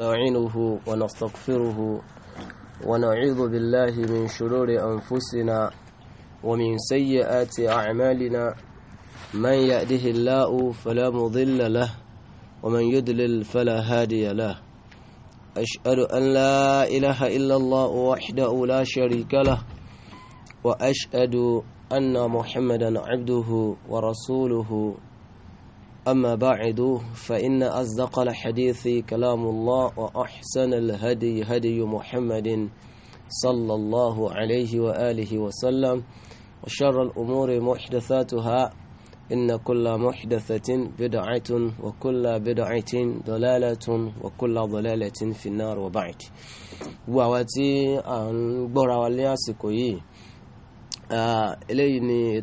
نستعينه ونستغفره ونعوذ بالله من شرور أنفسنا ومن سيئات أعمالنا من يأده الله فلا مضل له ومن يدلل فلا هادي له أشهد أن لا إله إلا الله وحده لا شريك له وأشهد أن محمدا عبده ورسوله أما بعد فإن أصدق الحديث كلام الله وأحسن الهدي هدي محمد صلى الله عليه وآله وسلم وشر الأمور محدثاتها إن كل محدثة بدعة وكل بدعة ضلالة وكل ضلالة في النار وبعد وواتي أن برا والياسكوي آه، إليني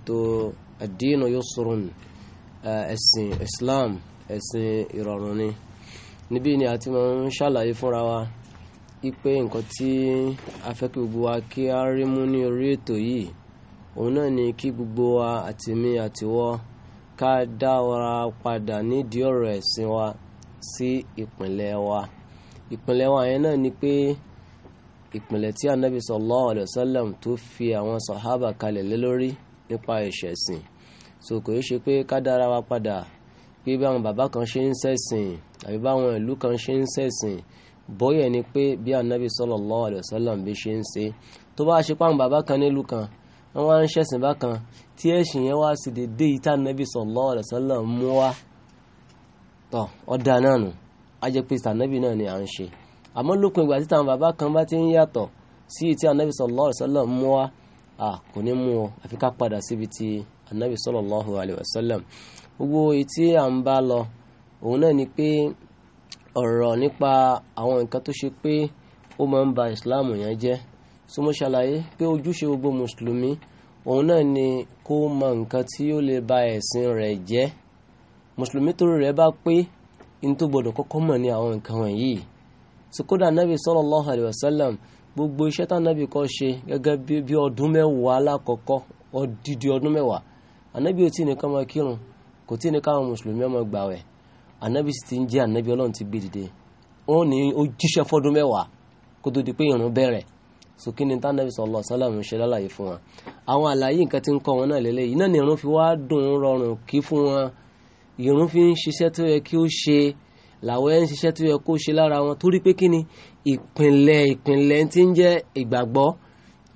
الدين يسر Eh, ẹ̀sìn Islam ẹ̀sìn ìrọ̀rùn ni níbí ni a ti máa ń ṣàlàyé fúnra wa ipe nǹkan tí a fẹ́ kí gbogbo wa kí a rí mú ní orí ètò yìí òun náà ni kí gbogbo wa àti mi àti wọ́ ká dá wa padà nídìí ọ̀rọ̀ ẹ̀sìn wa sí ìpìlẹ̀ wa ìpìlẹ̀ wa yẹn náà ni pé ìpìlẹ̀ tí anabi sallallahu alaihi tó fi àwọn sàhábà kalẹ̀ lé lórí nípa ìṣẹ̀sìn so kò yẹ ṣe pé ká dára wa padà pé bí àwọn bàbá kan ṣe ń ṣẹ̀sìn àbí báwọn ìlú kan ṣe ń ṣẹ̀sìn bọ́yẹ̀ ni pé bí anabi sallallahu alaihi wasallam bí ṣe ń ṣe tó bá ṣe páwọn bàbá kan nílùú kan wọ́n wá ń ṣẹ̀sìn bákan tí ẹ̀sìn yẹn wá sì dédé yìí tá anabi sallallahu alaihi wasallam mú wá tọ̀ ọ̀dà náà nù á pé sànẹ́bì náà ni à ń ṣe àmọ́ lópin ìgbà tí táwọn bàbá kan bá ti ń yàtọ̀ sí ti anabi sallallahu alaihi wasallam mú wá kò ní mú ọ àfi ká padà síbi ti anabi sallallahu alayhi wa sallam gbogbo etí à ń bá lọ òun náà ni pé ọ̀rọ̀ nípa àwọn nǹkan tó ṣe pé ó máa ń ba ìsìláàmù yẹn jẹ́ so mo ṣàlàyé pé ojúṣe gbogbo mùsùlùmí òun náà ni kó mọ nǹkan tí ó lè ba ẹ̀sìn rẹ̀ jẹ́ mùsùlùmí torí rẹ̀ bá pé ní tó gbọdọ̀ kọ́kọ́ mọ̀ ní àwọn nǹkan wọ̀nyí so kódà nabi sallallahu alayhi wa sallam gbogbo iṣẹ́ tá nabi kọ́ ṣe gẹ́gẹ́ bí ọdún mẹ́wàá alákọ̀ọ́kọ́ odidi ọdún mẹ́wàá anabi ò tí ní ká máa kírun kò tí ní káwọn mùsùlùmí máa gbààwẹ̀ anabi sì ti ń jẹ́ anabi ọlọ́run ti gbé dìde wọ́n ní ó jíṣẹ́ fọ́dún mẹ́wàá kó tó di pé ìrun bẹ̀rẹ̀ so kí ni tá anabi sallallahu alaihi wasallam ṣe lálàyé fún wa àwọn àlàyé nǹkan tí ń kọ́ wọn náà lélẹ́yìí náà ni ìrun fi wá dùn rọrùn kí fún wọn ìrun fi ń ṣiṣẹ́ tó yẹ kí ó ṣe làwọn ẹ̀ ń ṣiṣẹ́ tó yẹ kó ṣe lára wọn torí pé kí ni ìpìnlẹ̀ ìpìnlẹ̀ ń jẹ́ ìgbàgbọ́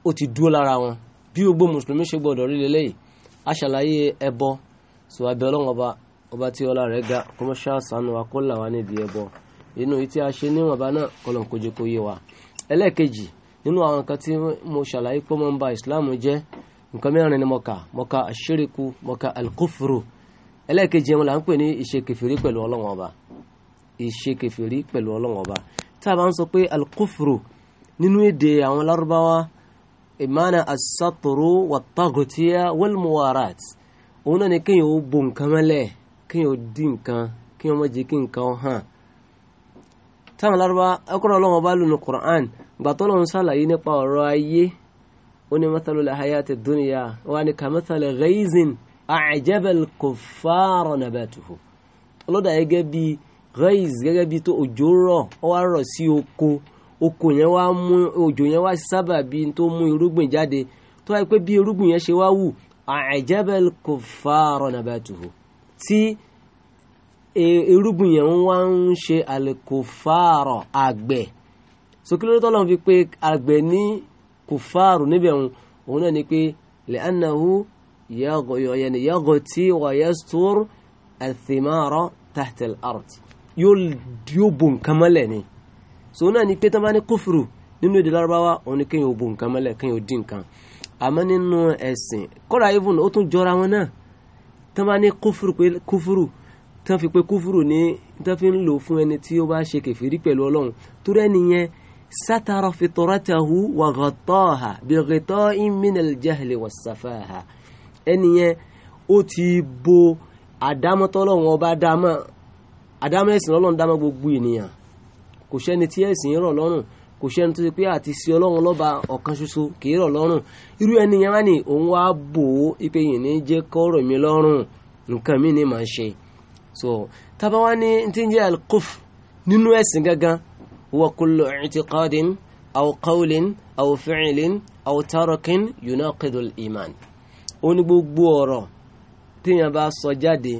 ó ti dúró lára wọn bí gbogbo mùsùlùmí ṣe gbọ́dọ̀ rí lélẹ́yìí aṣàlàyé ẹbọ sọ abẹ ọlọ́wọ́n ọba ọba tí ọlá rẹ̀ ga kọmọṣá sànù wa kó là wá nídìí ẹbọ inú yìí tí a ṣe níwọ̀nba náà kọlọ̀ kó jẹ́ kó yé wa ẹlẹ́ẹ̀kejì nínú àwọn nǹkan tí mo ṣàlàyé pé mo ń ba Islam jẹ́ nǹkan mẹ́rin ni mo kà mo ka àṣíríkù mo ka alkufuru ẹlẹ́ẹ̀kejì mo là ń pè ní ìṣe kẹfìrí pẹ̀lú ọlọ́wọ́n ìṣe kẹfìrí pẹ̀lú ọlọ́wọ́n tá a bá ń sọ pé alkufuru nínú èdè àwọn lárúbáwá ìmánà asátòrò wàtàgùtíyà wọlmùwàrát òun náà ni kéèyàn ó bo nǹkan mọ́lẹ̀ kéèyàn ó di nǹkan kéèyàn má jẹ́ kí nǹkan ó hàn táwọn lárúbá ẹkọrọ Ọlọ́run ọba lónìí Qur'an gbàtọ lọrun ṣàlàyé nípa ọ̀rọ̀ ayé ó ní mathalu lahayati dunya wa kamathali ghaizin a'jabal kuffara nabatuhu ọlọ́dà gẹ́gẹ́ bí ghaiz gẹ́gẹ́ bí oko oko yẹn wá mú òjò yẹn wá sábà bí tó mú irúgbìn jáde tó wáyé pé bí irúgbìn yẹn ṣe wá wù àìjẹ́bẹ̀l kò fàárọ̀ nàbàtùhù tí e, irúgbìn yẹn wá ń ṣe àlèkò fàárọ̀ àgbẹ̀ sókèlórí tọ́lọ́ fi pé àgbẹ̀ ní kò fàárọ̀ níbẹ̀ òun òun náà ni pé lẹ́ànàhù yàgò tí wàyẹ́sùtúr àtìmárọ̀ tàhtẹ̀l art yóò bo nǹkan mọ́lẹ̀ ni so náà ni pé tán bá ní kófùrù nínú èdè lárúbáwá òun ni kéèyàn ò bo nǹkan mọ́lẹ̀ kéèyàn ò dín nǹkan àmọ́ nínú ẹ̀sìn kọ́ra even ó tún jọra wọn náà tán bá ní kófùrù pé kófùrù tán fi pé kófùrù ní tán fi ń lò fún ẹni tí ó bá ṣe kẹfìrí pẹ̀lú ọlọ́run torí ẹni yẹn sátara fitratahu wa ghataha bi ghita'in min al-jahli was-safaha ẹni yẹn ó ti bo àdámọ́tọ́lọ́run ọba dámọ́ àdámọ́ ẹ̀sìn ọlọ́run dámọ́ gbogbo ènìyàn kò sẹ́ni tí ẹ̀sìn rọ̀ lọ́rùn kò sẹ́ni tó ṣe pé àti sí ọlọ́run lọ́ba ọ̀kan ṣoṣo kì í rọ̀ lọ́rùn irú ẹni yẹn wá òun wá bò ó ipe yìí ní jẹ́ kọ́rọ̀ mi lọ́rùn nǹkan mi ni màá ṣe so tábà wá ní tí ń jẹ́ alkuf nínú ẹ̀sìn gangan wa kullu i'tiqadin aw qawlin aw fi'lin aw tarakin yunaqidul iman ó ní gbogbo ọ̀rọ̀ téèyàn sọ jáde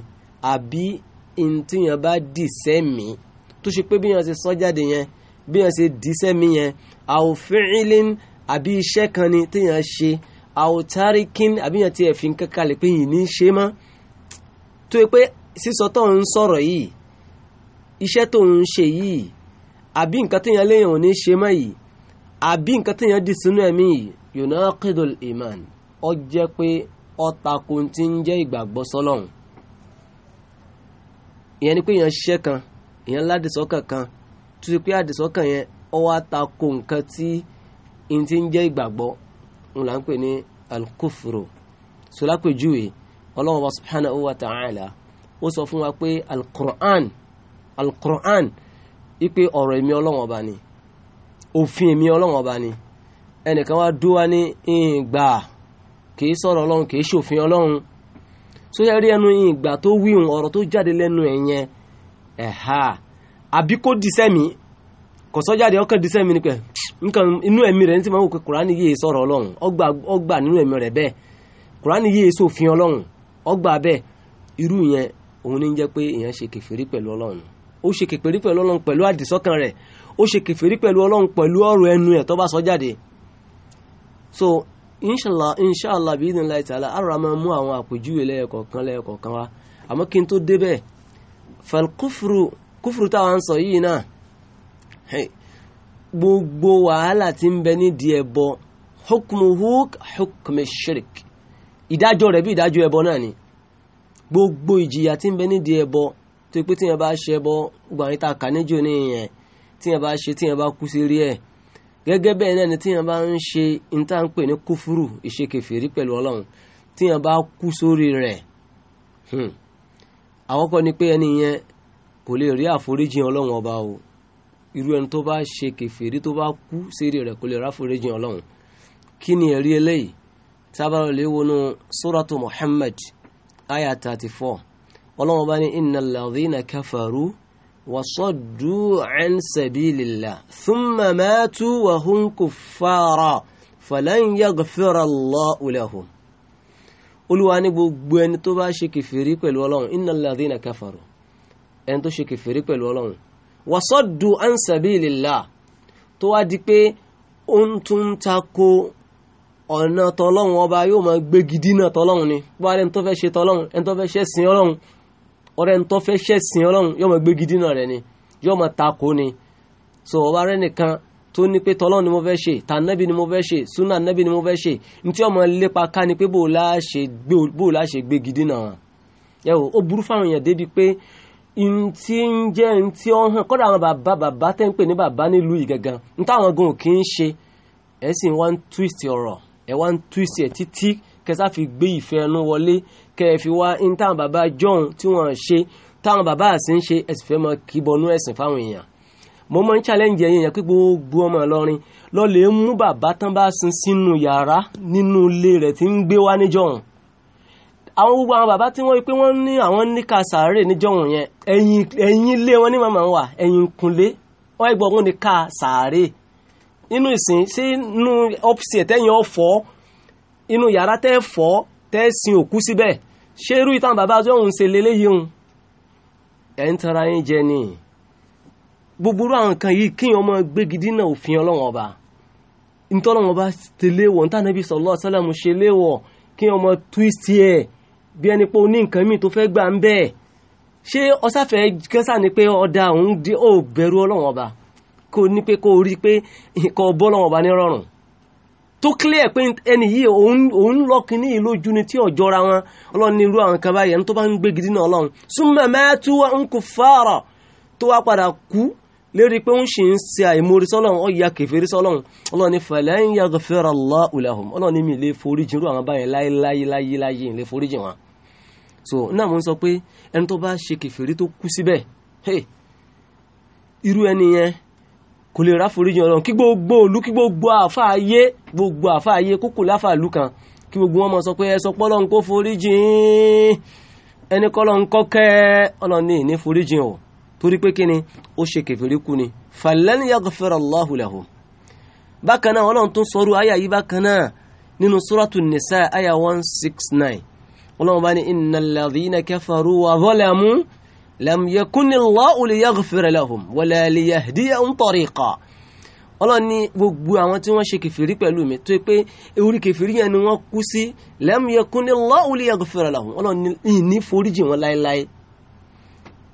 àbí ntí dì sẹ́mìí tó ṣe pé bí yẹn ṣe sọ jáde yẹn bí yẹn ṣe díṣẹ́ mi yẹn àwòfíìlín àbí iṣẹ́ kan ni téèyàn ṣe àwòtáríkín àbí yẹn ti ẹ̀fín kankanlẹ̀ pé yìí ní í ṣe mọ́ tó yẹ pé sísọ tó ń sọ̀rọ̀ yìí iṣẹ́ tó ń ṣe yìí àbí nǹkan téèyàn léèyàn ò ní ṣe mọ́ yìí àbí nǹkan téèyàn dì sínú ẹ̀mí yìí yunaqidul iman ó jẹ́ pé ọ̀tàkùn ti ń jẹ́ ìgbàgbọ́ sọ́lọ́hún ìyẹn ni pé yẹn ṣiṣẹ́ kan èèyàn ládìsọ́kàn kan tó ṣe pé àdìsọ́kàn yẹn ó wá tako nǹkan tí n ti ń jẹ́ ìgbàgbọ́ òun là ń pè ní alkufuru sọlápẹ̀júwe ọlọ́run wa subhanahu wa ta'ala ó sọ fún wa pé alkur'an alkur'an ipe ọ̀rọ̀ èmi ọlọ́run ọba ni òfin èmi ọlọ́run ọba ni ẹnìkan wá dúró wá ní ìgbà kìí sọ̀rọ̀ ọlọ́run kìí ṣòfin ọlọ́run sóyá rí ẹnu ìgbà tó wíhun ọ̀rọ̀ tó jáde lẹ́nu ẹ̀yẹn ẹ̀hà àbí kó disẹ́ mi kò sọ́jáde ọkàn disẹ́ mi ni pé nǹkan inú ẹ̀mí rẹ̀ ní ti máa wò pé kùránì yìí sọ̀rọ̀ ọlọ́run ọgbà nínú ẹ̀mí rẹ̀ bẹ́ẹ̀ kùránì yìí sòfin ọlọ́run ọgbà bẹ́ẹ̀ irú yẹn òun ní jẹ́ pé èèyàn ṣe kèfèrí pẹ̀lú ọlọ́run ó ṣe kèfèrí pẹ̀lú ọlọ́run pẹ̀lú àdìsọ́kàn rẹ̀ so bi àwọn falkufru kúfùrù táwọn ń sọ yìí náà gbogbo wàhálà tí ń bẹ nídìí ẹbọ hukmuhu hukmi shirk ìdájọ́ rẹ̀ bí ìdájọ́ ẹbọ náà ni gbogbo ìjìyà tí ń bẹ nídìí ẹbọ tó pé tíyẹn bá ṣe ẹbọ gbogbo àwọn ìta ní ìyẹn tíyẹn bá ṣe tíyẹn bá kú sí rí ẹ gẹ́gẹ́ bẹ́ẹ̀ náà ni tíyẹn bá ń ṣe níta ní kúfùrù ìṣe kèfèrí pẹ̀lú Ọlọ́run tíyẹn bá kú sórí rẹ̀ hmm, àkọ́kọ́ ni pé ẹni yẹn kò lè rí àforíjì ọlọ́run ọba o irú ẹni tó bá ṣe kèfèrí tó bá kú sérí rẹ̀ kò lè rí àforíjì ọlọ́run kí ni ẹ̀rí eléyìí tábàrọ̀ lè wọnú suratu Muhammad aya thirty four ọlọ́run ọba ní innal ladhina kafaru wasọ́dù ẹn sabilillah thumma matu wa hum kuffara falan yaghfira Allahu lahum olúwa ní gbogbo ẹni tó bá ṣe kẹfìrí pẹ̀lú ọlọ́run innal ladhina kafaru ẹni tó ṣe kẹfìrí pẹ̀lú ọlọ́run wasaddu an sabilillah tó wá di pé ó ń tún tako ọ̀nà tọlọ́run ọba yóò máa gbégi dínà tọlọ́run ni bó wá lẹ́ni tó fẹ́ ṣe tọlọ́run ẹni tó fẹ́ ṣe sìn ọlọ́run ọ̀rẹ́ ẹni tó fẹ́ ṣe sìn ọlọ́run yóò máa gbégi dínà rẹ̀ ni yóò máa tako ni so ọba rẹ̀ nìkan tó ní pé tọ́lọ́run ni mo fẹ́ ṣe tànẹ́bì ni mo fẹ́ ṣe súnà nẹ́bì ni mo fẹ́ ṣe ní tí ọmọ lépa ká ni pé bó la ṣe gbé gidi náà ẹ o ó burú fáwọn èèyàn débi pé n ń jẹ́ n tí hàn kọ́dà àwọn bàbá bàbá tẹ́ ń pè ní bàbá nílùú yìí gangan n táwọn gan kì í ṣe ẹ sì ń wá ń twist ọ̀rọ̀ ẹ wá ń twist ẹ̀ títí kẹsà fi gbé ìfẹ́ ẹnu wọlé kẹ ẹ fi wá n táwọn bàbá john tí wọ́n ṣe táwọn bàbá àṣẹ ẹ sì fẹ́ mọ kíbọnú ẹ̀sìn fáwọn èèyàn mo máa ń challenge ẹ̀yin yẹn pé gbogbo ọmọ Ìlọrin lọ́lẹ̀ mú bàbá tán bá sin sínú yàrá nínú ilé rẹ̀ tí ń gbé wá níjọ́hun àwọn gbogbo àwọn bàbá tí wọ́n rí pé wọ́n ní àwọn níka sàárè níjọ́hun yẹn ẹ̀yìn ẹ̀yìn ilé wọn ní màmá wà ẹ̀yìn kunlé wọ́n gbọ́ wọn ní sàárè inú ìsìn sí inú ọ́fíìsì ẹ̀tẹ́yìn ọ̀fọ́ inú yàrá tẹ́ fọ́ tẹ́ sin òkú síbẹ̀ ṣé irú ìtàn bàbá tó ń ṣe leléyìí ń ń tara yín jẹ nìyí gbogbo àwọn nǹkan yìí kíyàn ọmọ gbégidí náà òfin ọlọ́wọ́n ọba ntọ́lọ́wọ́n ọba tẹ̀lé wọ̀ níta níbi sallallahu alaihi wasallam ṣe léwọ̀ kíyàn ọmọ twist ẹ̀ bí ẹni pé o ní nǹkan míì tó fẹ́ gbà ń bẹ́ẹ̀ ṣé ọ̀sáfẹ́ kẹsà ni pé ọ̀dà òun dé ò bẹ̀rù ọlọ́wọ́n ọba kò ní pé kò rí pé kò bọ́ ọlọ́wọ́n ọba ní rọrùn tó clear pé ẹni yìí òun lọ kíní yìí ni tí ọjọ́ ra wọn ọlọ́run ní irú àwọn kan báyìí ẹni tó bá ń gbé ọlọ́run summa matu wa ń kò fàárọ̀ tó wá padà kú lérí pé ń ṣe ń ṣe àìmórí sọ́lọ́run ọ̀yà kẹfẹ́rí sọ́lọ́run ọlọ́run ní falan yaghfirallahu lahum ọlọ́run ní mi lè foríjì irú àwọn báyìí láyé láyé láyé lè foríjì wọn. so náà mo ń sọ pé ẹni tó bá ṣe kẹfẹ́rí tó kú síbẹ̀ irú ẹni yẹn kò lè ráforíjì ọlọ́run kí gbogbo òlu kí gbogbo àfa ayé gbogbo àfa ayé láfa ìlú kan gbogbo wọn mọ sọ pé foríjì ẹni kọ́ o torí pé kí ni ó ṣe kèfèrí kú ni falan yaghfir Allahu lahum bákan náà ọlọ́run tó ń sọrú àyà yìí bákan náà nínú suratu nisa àyà one six nine ọlọ́run bá ní innal ladhina kafaru wa zalamu lam yakuni Allahu liyaghfira lahum wala liyahdiyahum tariqa ọlọ́run ní gbogbo àwọn tí wọ́n ṣe kèfèrí pẹ̀lú mi tó pé orí kèfèrí yẹn ni wọ́n kú sí lam yakuni Allahu liyaghfira lahum ọlọ́run ní ìní foríjì wọn láéláé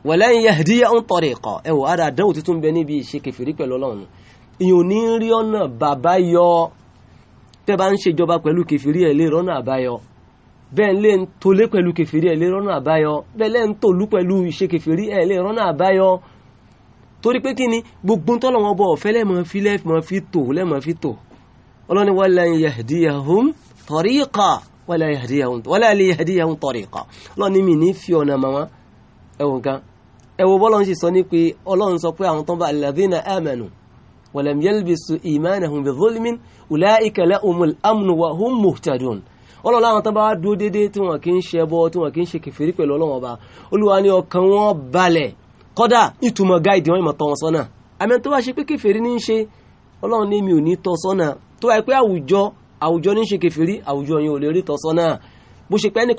walan yahdiyahum tariqa ẹ wò ara àdánwò tuntun bẹ níbi ìṣe kẹfìrí pẹ̀lú ọlọ́run ìyẹn ò ní rí ọ̀nà bàbá yọ tẹ́ bá ń ṣèjọba pẹ̀lú kẹfìrí ẹ̀ lè rọ́nà àbáyọ bẹ́ẹ̀ lè ń tolé pẹ̀lú kẹfìrí ẹ̀ lè rọ́nà àbáyọ bẹ́ẹ̀ lè ń tòlú pẹ̀lú ìṣe kẹfìrí ẹ̀ lè rọ́nà àbáyọ torí pé kí ni gbogbo tọ́lọ̀ wọn bọ̀ ọ̀fẹ́ lẹ́mọ̀ ẹ̀wọ̀n kan ẹ̀wọ̀ bọ́lọ́n sì sọ ní pé ọlọ́run sọ pé àwọn tó ń bá alladhina amanu walam yalbisu imanahum bi dhulmin ulaika lahumul amnu wa hum àwọn tó bá dúró déédéé tí wọ́n kì í ṣe ẹbọ tí wọ́n kì í ṣe kẹfìrí pẹ̀lú ọlọ́run ọba olúwa ni ọkàn wọn balẹ̀ kọ́dà ìtumọ̀ gáìdì wọn ìmọ̀ wọn sọ́nà àmì tó bá ṣe pé kẹfìrí ní ṣe ọlọ́run ní mi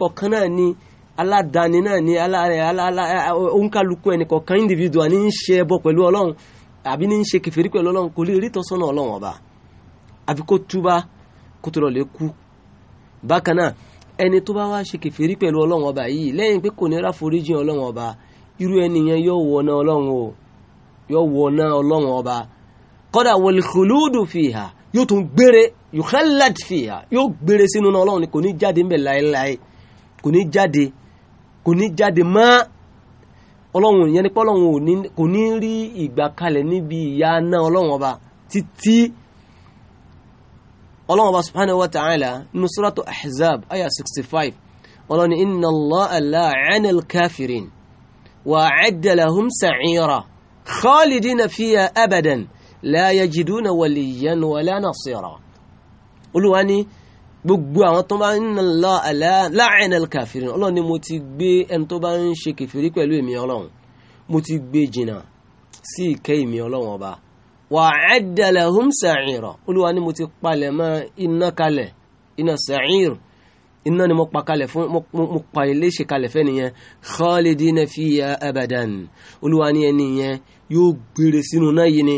ò ní aládàáni náà ni òǹkàlùkù ẹnìkọ̀ọ̀kan individual ní ń ṣe ẹbọ pẹ̀lú ọlọ́run àbí ní ń ṣe kèfèrí pẹ̀lú ọlọ́run kò lè rí tọ́sọ́nà ọlọ́run ọba àfi kó túbá kó tó lọ lè kú bákan náà ẹni tó bá wá ṣe kèfèrí pẹ̀lú ọlọ́run ọba yìí lẹ́yìn pé kò ní ra foríjì ọlọ́run ọba irú ẹni yẹn yóò wọ ọ̀nà ọlọ́run o yóò wọ ọ̀nà ọlọ́run ọba kọ́dà wal khuludu fiha yóò tún gbére yukhallad fiha yóò gbére sínú ọlọ́run ni kò ní jáde ńbẹ̀ láéláé kò ní jáde kò ní jáde mọ́ ọlọ́run ìyẹn ni pé ọlọ́run kò ní rí ìgbà kalẹ̀ níbi ìyà náà ọlọ́run ọba títí ọlọ́run ọba subhanahu wa ta'ala nínú ahzab aya 65 ọlọ́run inna allaha la'ana al-kafirin wa a'adda lahum sa'ira khalidina fiha abadan la yajiduna waliyan wala nasira olúwa gbogbo àwọn tó bá ń lọ láàrin alkafiri ọlọ́run ni mo ti gbé ẹni tó bá ń ṣe kẹfìrí pẹ̀lú èmi ọlọ́run mo ti gbé jìnnà sí ìkẹ́ èmi ọlọ́run ọba wà á dàlẹ̀ hum sàìrọ̀ olúwa ni mo ti palẹ̀ mọ́ iná kalẹ̀ iná sàìr iná ni mo pa kalẹ̀ fún mo pa iléeṣẹ́ kalẹ̀ fẹ́ nìyẹn khalidina fiya abadan olúwa ni ẹni yẹn yóò gbére sínú náà yìí ni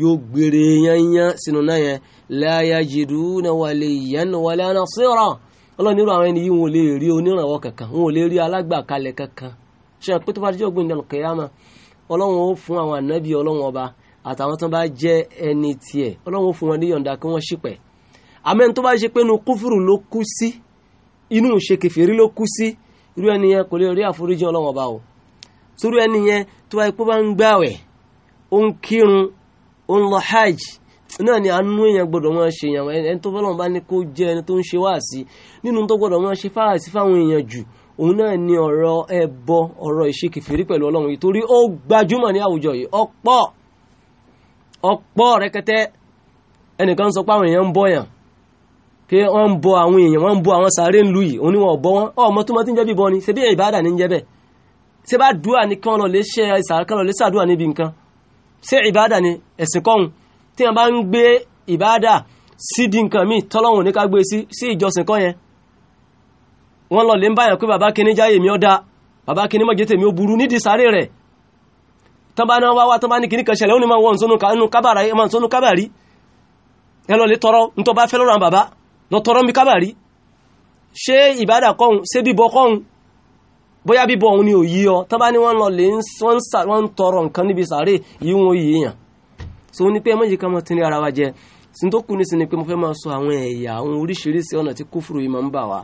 yóò gbére yányán sínú náà yẹn. la yajiduna waliyan wala nasira ọlọ́ni irú àwọn ẹni yìí wọn ò lè rí onírànwọ́ kankan wọn ò lè rí alágbàkalẹ̀ kankan ṣe pé tó bá jẹ́ ògbìn ìdánù kẹyàmà ọlọ́run ó fún àwọn ànábì ọlọ́run ọba àtàwọn tó bá jẹ́ ẹni tiẹ̀ ọlọ́run ó fún wọn kí wọ́n tó bá ṣe pé inú kúfùrù ló ẹni yẹn kò lè rí ọlọ́run ọba o sórí ẹni yẹn tó bá yẹ náà ni anú èèyàn gbọ́dọ̀ máa ṣe èèyàn ẹni tó fọlọ́n bá ní kó jẹ́ ẹni tó ń ṣe wáàsí nínú tó gbọ́dọ̀ máa ṣe fáàsí fáwọn èèyàn jù òun náà ni ọ̀rọ̀ ẹbọ ọ̀rọ̀ ìṣekèfèrí pẹ̀lú ọlọ́run yìí torí ó gbajúmọ̀ ní àwùjọ yìí ọ̀pọ̀ ọ̀pọ̀ rẹ̀kẹ̀tẹ̀ ẹnìkan sọ pé àwọn èèyàn ń bọ yàn pé wọ́n ń bọ àwọn èèyàn wọ́n ń bọ àwọn ni wọ́n bọ wọn ọmọ tó mọ tí ń jẹ́ bíbọ ni ṣebí ìbáàdà ni ń tí wọ́n bá ń gbé ìbáàdà sídìí nǹkan míì tọ́lọ́hùn ní ká gbé sí ìjọsìn kọ́ yẹn wọ́n lọ lè ń báyàn pé bàbá kìíní jáyè mi ó dáa bàbá kìíní mọ̀jẹ́ tèmi ó burú nídìí sáré rẹ̀ tán bá náà wá wá tán bá ní kìíní kan ṣẹlẹ̀ ó ní máa wọ nsọ́nù kábàrí ẹ lọ lè tọrọ ntọ́ bá fẹ́ lọ́rọ̀ àwọn bàbá lọ tọrọ mi kábàrí ṣé ìbádà kọ́hun ṣé bíbọ kọ́hun bóyá bíbọ ni òyí ọ tán bá ní wọ́n lọ lè so ó ní pé ẹ mọ̀jì ká máa tún ní ara wa jẹ sin tó kù ní sin ni pé mo fẹ́ máa sọ àwọn ẹ̀yà àwọn oríṣiríṣi ọ̀nà tí kófòrò yìí máa ń bà wá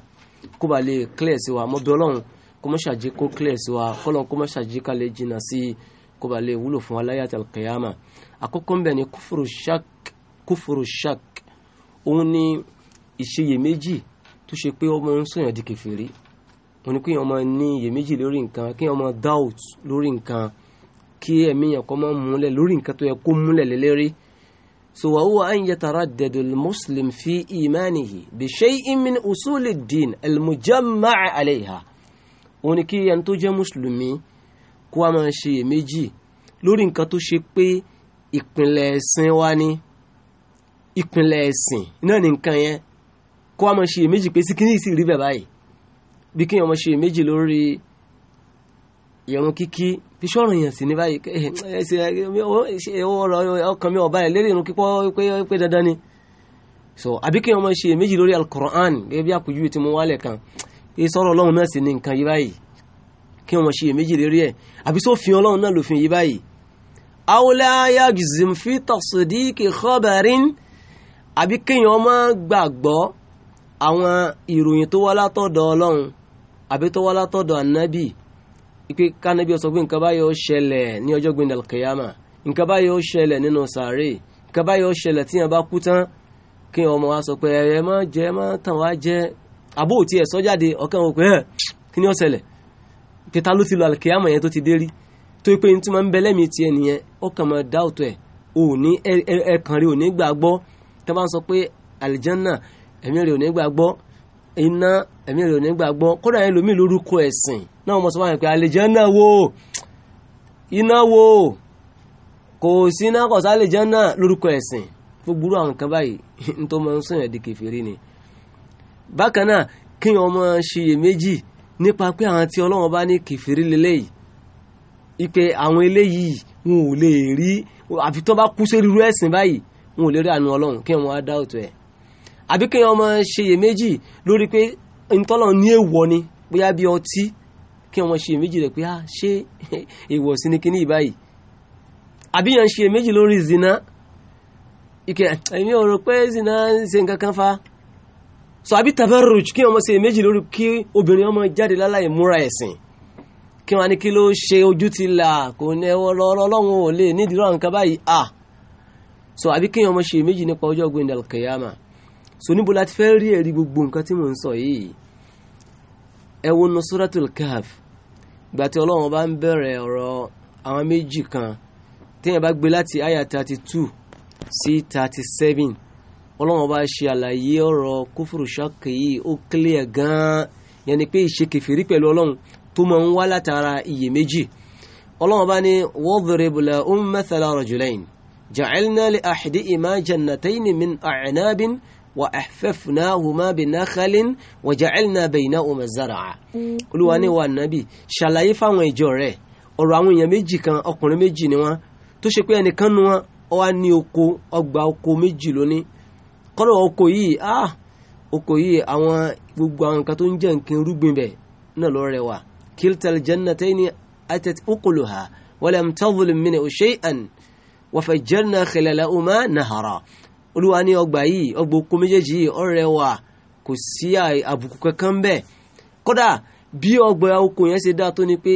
kó ba lè clear sí wa mo bẹ̀ ọlọ́run kó mọ́ ṣàjẹ́ kó clear sí wa kọ́lọ́n kó mọ́ ṣàjẹ́ ká lè jìnnà sí i kó ba lè wúlò fún wa láyé àti alkiyama àkọ́kọ́ ńbẹ ni kófòrò shak kófòrò ṣak òun ni ìṣeyèméjì tó ṣe pé ọmọ ń sọ̀yàn di kèfèrí òun ni kéèyàn máa ní iyèméjì lórí nǹkan kéèyàn máa doubt lórí nǹkan kí ẹ̀mí yẹn kọ́ máa múlẹ̀ lórí nǹkan tó yẹ kó múlẹ̀ lélẹ́rí so wa huwa an yataraddadu al-muslim fi imanihi bi shay'in min usul ad-din al-mujamma'a alayha òun ni kí ẹni tó jẹ́ mùsùlùmí kó a máa ṣe èméjì lórí nǹkan tó ṣe pé ìpìlẹ̀ ẹ̀sìn wa ni ìpìlẹ̀ ẹ̀sìn náà ni nǹkan yẹn kó a máa ṣe èméjì pé sí kíní sì rí bẹ́ẹ̀ báyìí bí kí èèyàn máa ṣe èméjì lórí ìrun kíkí bí sọ̀rọ̀ yẹn sì ní báyìí ọkàn mi ọba ẹ̀ lérí irun kíkọ́ pé dandan ni so àbí kí wọ́n máa ṣe méjì lórí alukoran gẹ́gẹ́ bí àpèjúwe tí mo wálẹ̀ kan pé sọ̀rọ̀ ọlọ́run náà sì ní nǹkan yìí báyìí kí wọ́n máa ṣe méjì lérí ẹ̀ àbí sófin ọlọ́run náà lòfin yìí báyìí. awolá yagzim fi tasdiki khabarin àbí kéèyàn máa gbàgbọ́ àwọn ìròyìn tó wá látọ̀dọ̀ ọlọ́run àbí tó wá látọ̀dọ̀ ànábì ipe kánábí ọsọ pé nǹkan báyọ̀ ṣẹlẹ̀ ní ọjọ́ gbendal kiyama nǹkan báyọ̀ ṣẹlẹ̀ nínú sàárè nǹkan báyọ̀ ṣẹlẹ̀ tíyan bá kú tán kí ọmọ wa sọ pé ẹ má jẹ má tàn wá jẹ àbó òtí ẹ sọ jáde ọkàn wọn pé ẹ kí ni ó ṣẹlẹ̀ pété ló ti lọ yẹn tó ti dé rí pé tí wọn tiẹ̀ nìyẹn rí gbàgbọ́ bá sọ pé ẹ̀mí rẹ̀ gbàgbọ́ iná ẹ̀mí rẹ̀ ò ní gbàgbọ́ kódà yẹn lómi lórúkọ ẹ̀sìn náà wọ́n sọ wáyé pé àlùjánnà wo iná wo kò sí iná kò sí àlùjánnà lórúkọ ẹ̀sìn gbogbo irú àwọn kan báyìí ní tó máa ń sọ̀yàn di kèfèrí ni. bákan náà kí wọn máa ṣiyèméjì nípa pé àwọn tí Ọlọ́run bá ní kèfèrí lélẹ́yìí ipe àwọn eléyìí wọn ò lè rí àfi tó bá kú sí irú ẹ̀sìn báyìí wọn ò lè rí àánú Ọlọ́run kí wọn á dá òtún ẹ̀ àbí kí wọ́n máa ṣeyèméjì lórí pé ntọ́lọ̀ ní èèwọ̀ ni bóyá bí ọtí kí wọ́n máa ṣeyèméjì rẹ̀ pé ah, ṣé èèwọ̀ sí ni kíní ìbáyìí àbí yẹn ṣeyèméjì lórí zina ike èmi ò pé zina ń ṣe nǹkan kan fa so àbí tabarruj kí wọ́n máa ṣeyèméjì lórí kí obìnrin ọmọ jáde láláì múra ẹ̀sìn kí wọ́n á ní kí ló ṣe ojú ti là kò ní ẹwọ́ lọ́rọ́ ò lè nídìí rọ̀ nǹkan báyìí ah so àbí kí wọ́n máa ṣeyèméjì nípa ọjọ́ gbẹ̀ndàlùkẹ́yàmà so níbo láti fẹ́ rí ẹ̀rí gbogbo nǹkan tí mò ń sọ yìí ẹ wo nu suratul kahf gbà tí ọlọ́run bá ń bẹ̀rẹ̀ ọ̀rọ̀ àwọn méjì kan téèyàn bá gbé láti àyà thirty two sí thirty seven ọlọ́run bá ṣe àlàyé ọ̀rọ̀ kófòrò ṣáàkì yìí ó clear gan-an yẹn ni pé ìṣe pẹ̀lú ọlọ́run tó máa ń wá látara iyèméjì ọlọ́run bá ní wadrib lahum mathala rajulayn ja'alna li ahadihima jannatayn min a'nabin. وأحففناهما بنخل وجعلنا بينهما زرعا mm. Olúwa ní wa Ànábì ṣàlàyé fáwọn ìjọ rẹ̀ ọ̀rọ̀ àwọn èèyàn méjì kan ọkùnrin méjì ni wọ́n tó ṣe pé ẹnìkan nu wọn ó wá ní oko ọgbà oko méjì lónìí kọ́nà oko yìí ah oko yìí àwọn gbogbo àwọn nǹkan tó ń jẹ́ nǹkan irúgbìn bẹ̀ náà ló rẹwà kiltal jannatayni atat ukuluha walam tadhlim minhu shay'an wa fajjarna khilalahuma nahara olúwa ní ọgbà yìí ọgbà oko méjèèjì yìí ọ̀rẹ́ wa kò sí àbùkù kankan bẹ́ẹ̀ kódà bí ọgbà oko yẹn ṣe dá tó ni pé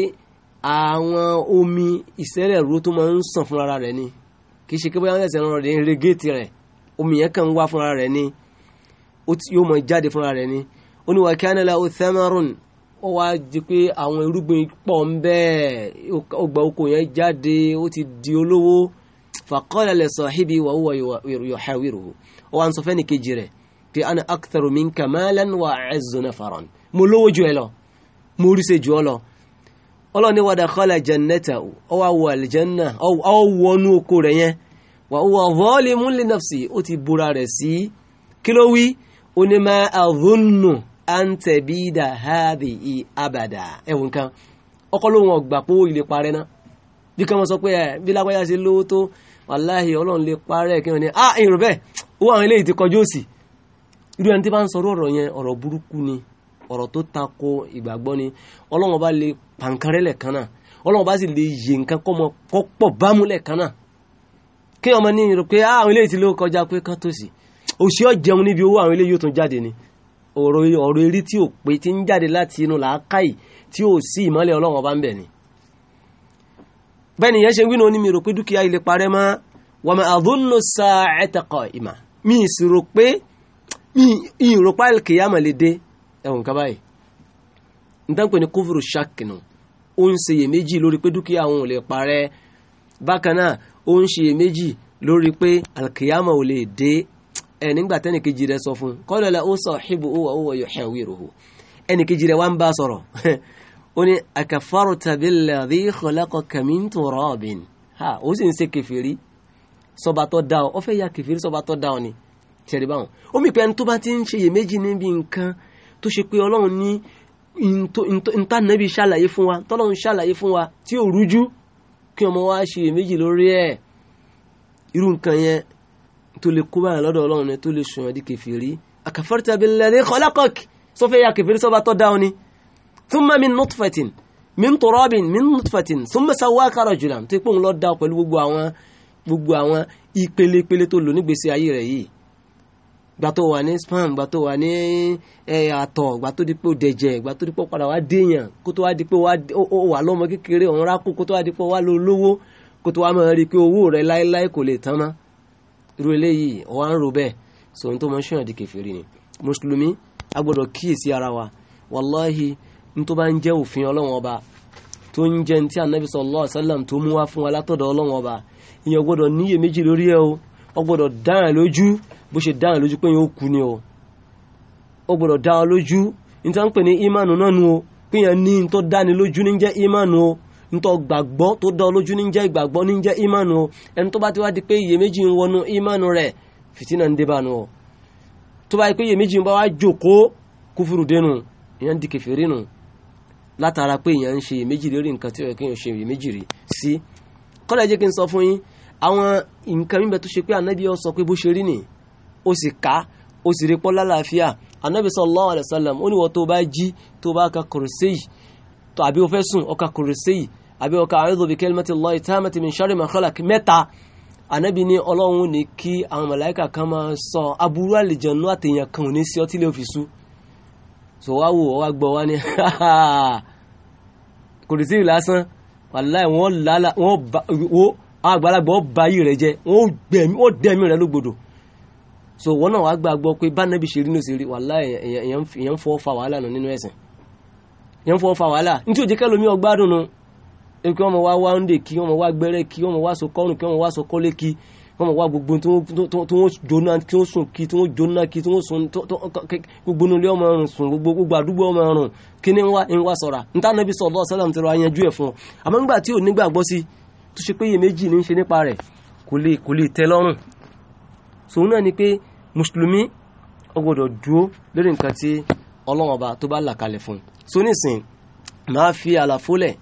àwọn omi ìṣẹ̀lẹ̀ ro tó máa ń sàn fúnra rẹ̀ ni kì í ṣe kébé wọn ṣẹ̀ṣẹ̀ rọrùn ní regéètì rẹ̀ omi yẹn kàn ń wá fúnra rẹ̀ ni yóò mọ jáde fúnra rẹ̀ ni ó ní wàá kí ánilá ó thamarun ó wá di pé àwọn irúgbìn pọ̀ ń bẹ́ẹ̀ ọgbà oko yẹn jáde ó ti di olówó faqala li sahibi wa huwa yuhawiruhu ó wá ń sọ fẹ́ni kejì rẹ̀ pé ana aktharu minka malan wa a'azzu nafaran mo lówó ju ẹ lọ mo rí ṣe ju ọ lọ ọlọ́ni wa dakhala jannatahu ó wá wọ aljanna ó wọnú oko rẹ̀ yẹn wa huwa zalimun li nafsi ó ti búra rẹ̀ ma adhunnu an tabida hadhihi abada ẹ̀wọ̀n kan ọkọ̀ lóhun ọgbà pé ó ilé parẹ́ náà bí kan wọ́n wàláhì ọlọ́run lè parẹ́ kí wọ́n ah ìrò bẹ́ẹ̀ owó àwọn eléyìí ti kọjú òsì irú ẹni tí bá ń sọ ọ̀rọ̀ yẹn ọ̀rọ̀ burúkú ni ọ̀rọ̀ tó tako ìgbàgbọ́ ni ọlọ́run bá lè pàǹkarẹ́ lẹ̀kan náà ọlọ́run bá sì lè yè nǹkan kọ́ mọ kọ́pọ̀ bámú lẹ̀kan náà kí ọmọ ní ìrò pé ah àwọn eléyìí ti ló kọjá pé kán tó sì òṣì ọ̀jẹun níbi owó àwọn eléyìí yóò jáde ni ọ̀rọ̀ eré tí ò pé ti ń jáde láti inú làákàyè tí ò sí ìmọ́lẹ̀ ọlọ́run ọba ń bẹ̀ ni bẹ́ẹ̀ni yẹn ṣe wí náà ni mi rò pé dúkìá ilé parẹ́ mọ́ wa ma adhunnu sa'ata qa'ima mi sì rò pé mi rò pé alkiyama lè dé ẹ̀wọ̀n kaba yìí nítorí pé ní kófòrò ṣàkínú ó ń ṣe iyèméjì lórí pé dúkìá òun ò lè parẹ́ bákan náà ó ń ṣe iyèméjì lórí pé alkiyama ò lè dé ẹ nígbà kejì rẹ sọ fún kọ́lọ́lá ó sọ ṣíbù ó ní akafarta billadhi khalaqaka min turabin ha ó sì ń ṣe kẹfìrí sọba tó dá ọ ọ fẹ́ ya kẹfìrí sọba tó dá ọ ni ṣẹ̀rí báwọn ó mì pé ẹni tó bá ti ń ṣe iyèméjì níbi nǹkan tó ṣe pé ọlọ́run ní nta nàbí ṣàlàyé fún wa tọ́lọ́run ṣàlàyé fún wa tí ò rújú kí ọmọ wa ṣe iyèméjì lórí ẹ̀ irú nǹkan yẹn tó lè kó báyìí lọ́dọ̀ ọlọ́run ni tó lè sùn ọ́ kẹfìrí akafarta billadhi khalaqaka sọ fẹ́ ya kẹfìrí sọba tó ọ ni ثم من nutfatin من turabin من nutfatin ثم سواك رجلا تيكون ipò ń lọ dá pẹ̀lú gbogbo àwọn gbogbo àwọn ìpelepele tó lò nígbèsè ayé rẹ̀ yìí gbà tó wà ní sperm gbà tó wà ní àtọ̀ gbà tó di pé ó dẹ̀jẹ̀ gbà tó di pé ó padà wá déèyàn kó tó wá di pé ó wà lọ́mọ kékeré ọ̀hún rákò kó tó wá di pé ó wá lólówó kó tó wá máa rí i pé owó rẹ̀ láéláé kò lè tán mọ́ irú eléyìí ọ̀wá ń bẹ́ẹ̀ sòun tó mọ ṣẹ́yàn di kẹfìrí ni mùsùlùmí a gbọ́dọ̀ kíyèsí ara wa wàláhì tó nje ń jẹ́ òfin nje ọba tó ń jẹ́ ní tí anabi sallallahu alaihi tó mú wá fún wa látọ̀dọ̀ ọlọ́run ọba ìyẹn gbọ́dọ̀ níyè méjì lórí ẹ o ó gbọ́dọ̀ dáhàn lójú bó ṣe dáhàn lójú pé yẹn ó kú ni o ó daa loju, lójú ní ń o pé yẹn ní tó dáni lójú ní jẹ́ o ntọ́ gbàgbọ́ tó dá lójú ní jẹ́ ìgbàgbọ́ ní jẹ́ o ẹni tó bá ti wá di pé iyèméjì ń wọnú fìtínà o tó bá yẹ pé iyèméjì látara pé èèyàn ń ṣe iyèméjì lórí nǹkan tí ó yẹ kí èèyàn ṣe iyèméjì rí sí kọ́lá ẹ jẹ́ kí n sọ fún yín àwọn nǹkan mímẹ́ tó ṣe pé ànábì ọ sọ pé bó ṣe rí nì ó sì ká ó sì rí pọ́ lálàáfíà ànábì sallallahu alaihi wasallam ó ní wọ́n tó bá jí tó bá ka kùrùsẹ́yì àbí ó fẹ́ sùn ó ka kùrùsẹ́yì àbí ó ka àwọn màláíkà kan máa sọ so wá wò wá gbọ́ wá ní kò rí sí ìlàsán wàláì wọ́n lálà wọ́n bá wo àgbàlagbà ó ba yìí rẹ jẹ wọ́n gbẹ̀mí wọ́n dẹ̀mí rẹ lógbòdò so wọ́n náà wá gbàgbọ́ pé bánẹ́bí ṣe rí ní òṣèré wàláì èèyàn ń fa wàhálà nù ń fa wàhálà nítorí òjì ọgbádùn kí wọ́n mọ wá gbẹ́rẹ́ kí wọ́n mọ wá kí wọ́n mọ wá wọ́n mọ̀ wá gbogbo tí wọ́n jóná kí wọ́n sùn kí tí wọ́n jóná kí tí wọ́n sùn gbogbo nílé ọmọ ọrùn sùn gbogbo àdúgbò ọmọ ọrùn kí ni ń wá sọ̀ra níta nàbí sallallahu alaihi wasallam ti rọ ayanjú ẹ̀ fún ọ àmọ́ nígbà tí ò nígbàgbọ́ sí tó ṣe pé iyèméjì ní í ṣe nípa rẹ̀ kò lè kò lè tẹ́ lọ́rùn sòun náà ni pé mùsùlùmí ó dúró lórí nǹkan tí Ọlọ́run ọba tó bá là kalẹ̀ fún un so nísìn máa fi àlàfo lẹ̀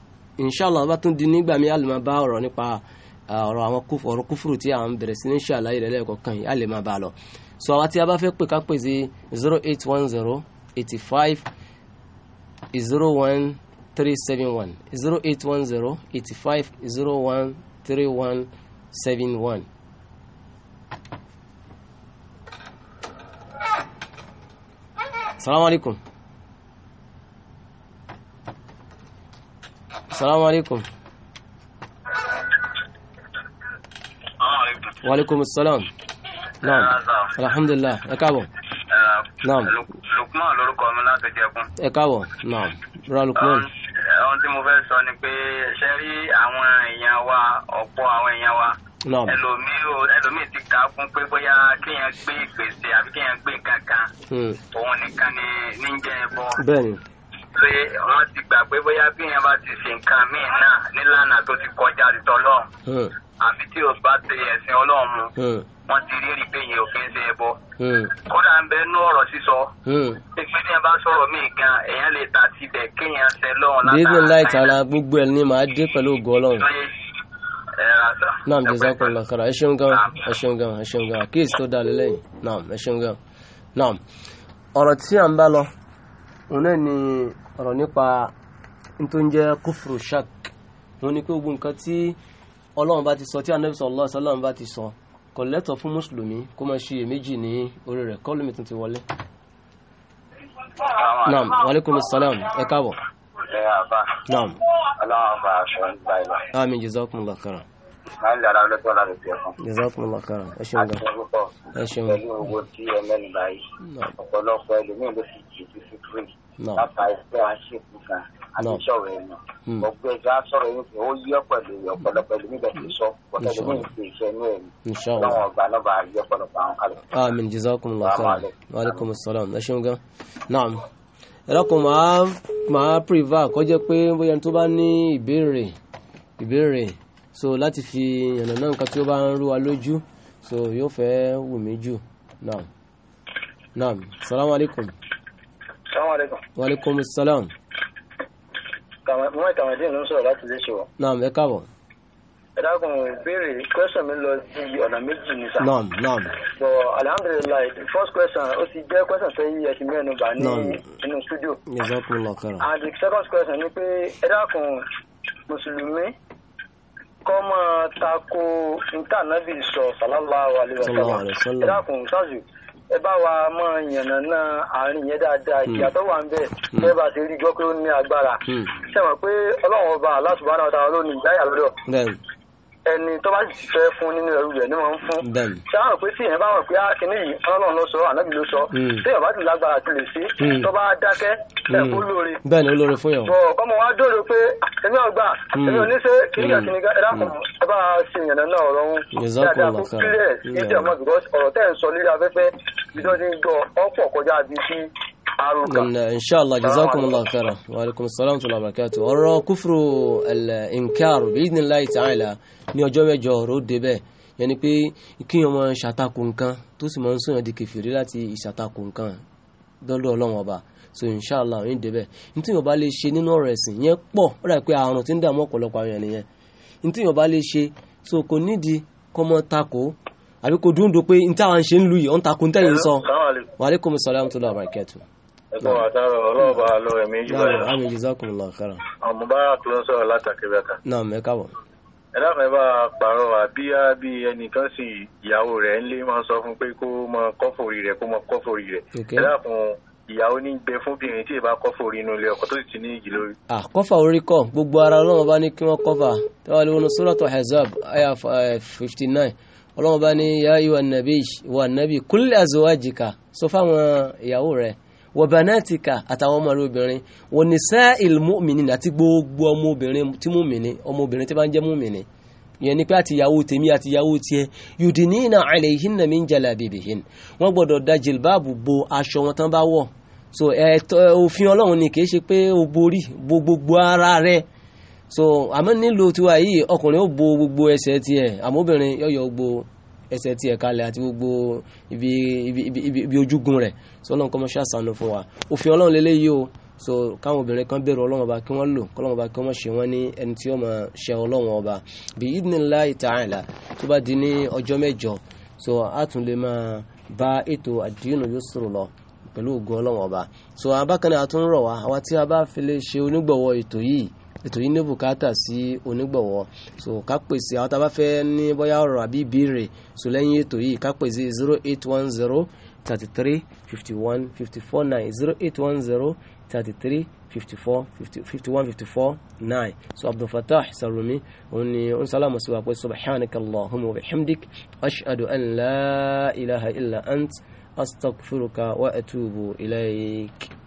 inshallah bá tún di nígbà mi àlùmọ́ bá ọ̀rọ̀ nípa Ah, ọ̀rọ̀ àwọn ọ̀rọ̀ kúfúrú tí àwọn bẹ̀rẹ̀ sí ní ṣàlàyé rẹ̀ lẹ́ẹ̀kọ̀ọ̀kan yìí á lè máa bá a lọ. sọ àwa tí a bá fẹ́ pè ká pè sí zero eight one zero eighty five zero one three seven one zero eight one zero eighty five zero one three one seven one. salamu alaikum. wa aleykum salaam naam alhamdulilah ẹ káàbọ̀ naam. lukman lórúkọ mi láti jẹkun. ẹ káàbọ̀ naam rà lukman. ohun tí mo fẹ́ sọ ni pé ṣe rí àwọn èèyàn wa ọ̀pọ̀ àwọn èèyàn wa ẹlòmíì o ẹlòmíì ti kà á fún pé bóyá kéèyàn gbé gbèsè àbí kéèyàn gbé kankan hmm. òun nìkan ni níjẹ ẹbọ pé wọn ti gbà pé bóyá kéèyàn bá ti ṣe nǹkan míì náà nílànà tó ti kọjá àtijọ́ lọ àfi tí o bá ti ẹ̀sìn ọlọ́run mu hmm. wọ́n ti rí ẹni pé yẹn ò kí ń ṣe ẹbọ. Hmm. kódà ń bẹ nú ọ̀rọ̀ sísọ. pípẹ́ tí a bá sọ̀rọ̀ míì gan èèyàn lè ta tibẹ̀ kéèyàn ṣe lọ́run látara. bíbí láì tara gbogbo ẹ̀ ni màá dé pẹ̀lú ògo ọlọ́run. naam jazakallah kara ẹ ṣeun gan ẹ ṣeun gan ẹ ṣeun gan àkíyèsí tó dalẹ̀ lẹ́yìn naam ẹ ṣeun gan naam ọ̀rọ̀ tí à ń bá lọ òun náà ni ọ̀rọ̀ ọlọ́run bá ti sọ tí anabi sallallahu alaihi wasallam bá ti sọ kò lẹ́tọ̀ fún mùsùlùmí kó máa ṣe èméjì ní orí rẹ̀ kọ́lù mi tún ti wọlé. naam waaleykum salaam ẹ káàbọ̀. ẹ àbá. naam. ọlọ́run bá aṣọ ń gba ìlọ. àmín jazakumullahu khairan. máa ń lè ara ọlọ́dún ọ̀la rẹ̀ fi ẹ̀kọ́. jazakumullahu khairan ẹ ṣeun gan. ẹ ṣeun. pẹ̀lú owó tí ẹ mẹ́rin báyìí ọ̀pọ̀lọpọ̀ ẹlòmíràn ló fi jì àti hmm. sọ̀rọ̀ ẹ̀yìn gbogbo ẹ̀ka sọ̀rọ̀ ẹ̀yìn fún ó yẹ pẹ̀lú ọ̀pọ̀lọpọ̀ ẹ̀lú níbẹ̀ tí sọ pọ̀tẹ́lẹ̀ ní ìfẹ́ ìfẹ́ ní ẹ̀yìn lọ́wọ́ ọgbà lọ́ba yẹ pọ̀lọpọ̀ àwọn kalẹ̀. àmín jazakumullahu khairan wa alaikum assalam ẹ ṣeun gan naam ẹlọ́kùn máa máa pírìvà kó jẹ́ pé bóyá tó bá ní ìbéèrè ìbéèrè so láti fi yànnà náà nǹkan tí ó bá ń rú wa lójú so yóò fẹ́ wù mí jù naam naam salaam aleykum. salaam salaam mọ́ ìkàmọ̀dé ló ń sọ̀rọ̀ láti ṣe ṣòwò. naam ẹ káàbọ̀. ẹ dákun ìbéèrè question mi lọ sí ọ̀nà méjì ní sà. naam naam. bọ̀ alihamudulilayi first question o ti jẹ́ question tó yí ẹtì mẹ́nu bà ní inú studio. jazakallah khairan. and the second question ni pé ẹ dákun mùsùlùmí kọ́ máa tako ntànàbì sọ sallallahu alaihi wasallam ẹ dákun sáàsì ẹ bá wa mọ yànnà náà àárín yẹn dáadáa hmm. ìyàtọ̀ wà ń bẹ̀ hmm. bẹ́ẹ̀ bá ti rí jọ́ pé ó ní agbára hmm. ṣe mọ̀ pé ọlọ́run ọba aláṣùbánu ọ̀tá ló ní ìgbáyà lọ́dọ̀ ẹni tó bá fẹ́ fún nínú ẹrú rẹ̀ ni wọ́n ń fún. ṣé àwọn pé tí èèyàn bá mọ̀ pé akínní ah, yìí ọlọ́run ló sọ ànábì ló sọ hmm. tí èèyàn ti lágbára ti lè sí hmm. tó bá dákẹ́ ẹ̀ hmm. kó lóore. bẹ́ẹ̀ni ó lóore fún yàn. bọ̀ kọ́mọ wa dòrò pé ah, èmi ọgbà èmi ò ní ṣe kìí yàn ẹ dákun ẹ bá ṣe ìyànnà náà ọ̀rọ̀ ان شاء الله جزاكم الله خيرا وعليكم السلام ورحمه الله وبركاته ọ̀rọ̀ kúfùrù الانكار باذن الله تعالى ní جورو mẹ́jọ ọ̀rọ̀ débẹ̀ yẹn ni pé kí ọmọ ṣàtakò nǹkan tó sì máa ń sọyàn di kẹfìrí láti ìṣàtakò nǹkan lọ́dọ̀ ọlọ́run ọba so inshallah òyìn débẹ̀ nítorí ìyọba lè ṣe nínú ọ̀rọ̀ ẹ̀sìn yẹn pọ̀ ó dà pé àrùn tí ń dààmú ọ̀pọ̀lọpọ̀ àwọn ènìyàn yẹn nítorí ìyọba lè ṣe so kò nídìí kọ́mọ takò àbí kò dúndò pé ní táwọn ṣe ń lu yìí ọ̀ ń takò sọ wàhálà kò ẹkọ àtàrọ ọlọ́ọ̀bà lọ ẹ̀mí jùlọ yẹn. àmì jazakumullahu khairan. mubarak ló ń sọ̀rọ̀ látàkìlẹ́ka. náà mẹ́ka wọ̀. ẹ dákun ẹ bá pààrọ̀ àbíyá bí ẹnìkan sì ìyàwó rẹ̀ ń lé máa sọ fún pé kó mọ kọ́fòrí rẹ̀ kó mọ kọ́fòrí rẹ̀. ẹ dákun ìyàwó ní bẹ fúnbìnrin tí ì bá kọ́fà inú ilé ọkọ tó sì ti ní igi lórí. àkọ́fà orí kọ gbogbo ara ọlọ́run bá ní kí wọ́n kọ́fà tẹ́wọ́n fifty nine ọlọ́run bá ní ya ayyuhan nabiy wa nabi kulli azwajika sọ fáwọn ìyàwó rẹ̀ wa banatika àtàwọn ọmọ rẹ̀ obìnrin wa nisa'il mu'minin àti gbogbo ọmọbìnrin tí mùmìnì ọmọbìnrin tí bá ń jẹ́ mùmìnì yẹn ni pé àtìyàwó tèmi àtìyàwó tiẹ yudinina alayhinna min jalabibihin wọ́n gbọ́dọ̀ da jìlbáàbù bo aṣọ wọn tán bá wọ̀ so ẹ̀tọ́ òfin ọlọ́run ni kìí ṣe pé o borí bo gbogbo ara rẹ̀ so àmọ́ nílò tiwa yìí ọkùnrin ó bo gbogbo ẹsẹ̀ tiẹ̀ àmọ́ obìnrin yọ̀yọ̀ gbogbo ẹsẹ̀ tiẹ̀ kalẹ̀ àti gbogbo ibi ibi ibi ibi ojúgun rẹ̀ sọlọ́n kọ́ mọ́ ṣàṣàánú fún wa òfin ọlọ́run lélẹ́ yìí o so káwọn obìnrin kan bẹ̀rù ọlọ́run ọba kí wọ́n lò kọ́lọ́run ọba kí wọ́n ṣe wọ́n ní ẹni tí ó máa ṣe ọlọ́run ọba bí idnillahi ta'ala tó bá di ní ọjọ́ mẹ́jọ so a tún lè máa bá ètò àdínú yusru lọ pẹ̀lú ògùn ọlọ́run ọba so abákanáà tún rọ̀ wá àwa tí a bá fi lè ṣe onígbọ̀wọ́ ètò yìí ètò yìí ní bùkátà sí onígbọ̀wọ́ so ká pèsè àwọn tá a bá fẹ́ ní bóyá ọ̀rọ̀ àbí ìbéèrè so lẹ́yìn ètò yìí ká pèsè zero eight one zero thirty three fifty one fifty four nine zero eight one zero thirty three fifty four fifty one fifty four nine so abdulfatah salumi òun ni òun sálàmù sí wa pé subhanaka allahumma wa bihamdik ashhadu an la ilaha illa ant astaghfiruka wa atubu ilayk.